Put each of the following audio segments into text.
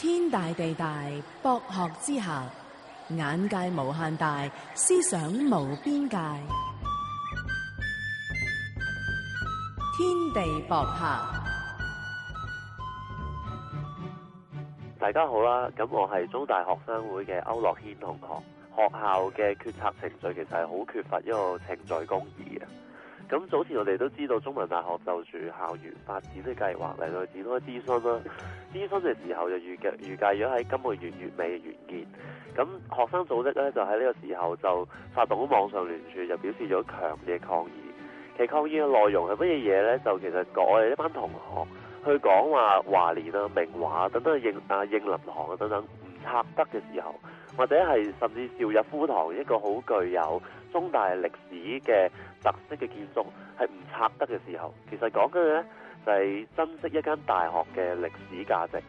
天大地大，博學之下眼界無限大，思想無邊界。天地博客，大家好啦，咁我係中大學生會嘅歐樂軒同學。學校嘅決策程序其實係好缺乏一個程序公義嘅。咁早前我哋都知道中文大學就住校園發展嘅計劃嚟到展開諮詢啦，諮詢嘅時候就預計預計咗喺今個月月尾完結。咁學生組織咧就喺呢個時候就發動咗網上聯署，就表示咗強烈抗議。其抗議嘅內容係乜嘢嘢呢？就其實我哋一班同學去講話華聯啊、明華等等，應啊應林堂啊等等。拆得嘅時候，或者係甚至邵逸夫堂一個好具有中大歷史嘅特色嘅建築，係唔拆得嘅時候，其實講緊嘅呢，就係珍惜一間大學嘅歷史價值。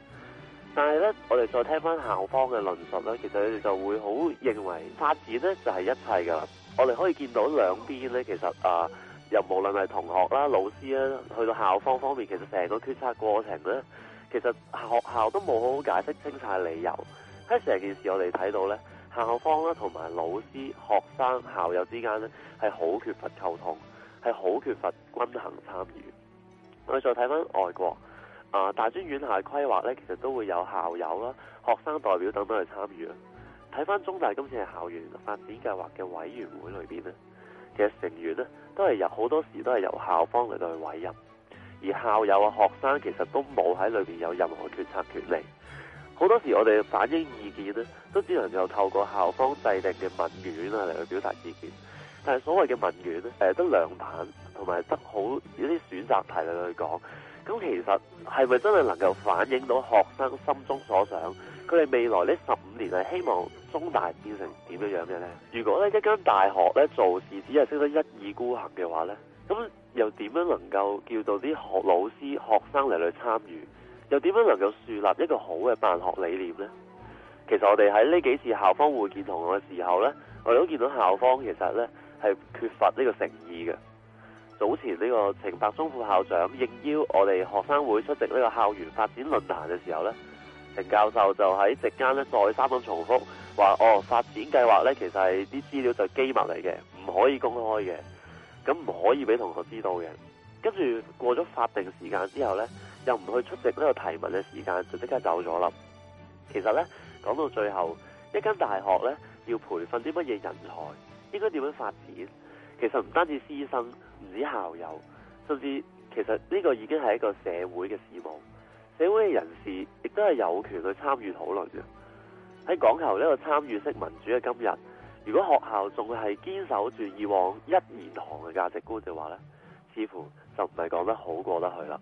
但係呢，我哋再聽翻校方嘅論述呢，其實你哋就會好認為發展呢就係、是、一切噶啦。我哋可以見到兩邊呢，其實啊，又無論係同學啦、老師啦，去到校方方面，其實成個決策過程呢，其實學校都冇好好解釋清晒理由。喺成件事我哋睇到咧，校方啦同埋老師、學生、校友之間咧係好缺乏溝通，係好缺乏均衡參與。我哋再睇翻外國啊、呃，大專院校規劃咧，其實都會有校友啦、學生代表等等去參與。睇翻中大今次係校園發展計劃嘅委員會裏面咧，其實成員咧都係由好多時都係由校方嚟到去委任，而校友啊、學生其實都冇喺裏面有任何決策權利。好多時我哋反映意見咧，都只能夠透過校方制定嘅問卷啊嚟去表達意見。但係所謂嘅問卷咧，誒得兩版，同埋得好啲選擇題嚟去講。咁其實係咪真係能夠反映到學生心中所想？佢哋未來呢十五年係希望中大變成點樣樣嘅呢？如果呢一間大學咧做事只係識得一意孤行嘅話咧，咁又點樣能夠叫到啲學老師、學生嚟去參與？又點樣能夠樹立一個好嘅辦學理念呢？其實我哋喺呢幾次校方會見同學嘅時候呢，我哋都見到校方其實呢係缺乏呢個誠意嘅。早前呢個程伯中副校長應邀我哋學生會出席呢個校園發展論壇嘅時候呢，程教授就喺席間呢再三咁重複話：哦，發展計劃呢其實係啲資料就機密嚟嘅，唔可以公開嘅，咁唔可以俾同學知道嘅。跟住過咗法定時間之後呢，又唔去出席呢個提問嘅時間，就即刻走咗啦。其實呢，講到最後，一間大學呢要培訓啲乜嘢人才，應該點樣發展？其實唔單止師生，唔止校友，甚至其實呢個已經係一個社會嘅事務，社會嘅人士亦都係有權去參與討論嘅。喺講求呢個參與式民主嘅今日，如果學校仲係堅守住以往一言堂嘅價值觀嘅話呢，似乎就唔係講得好過得去啦。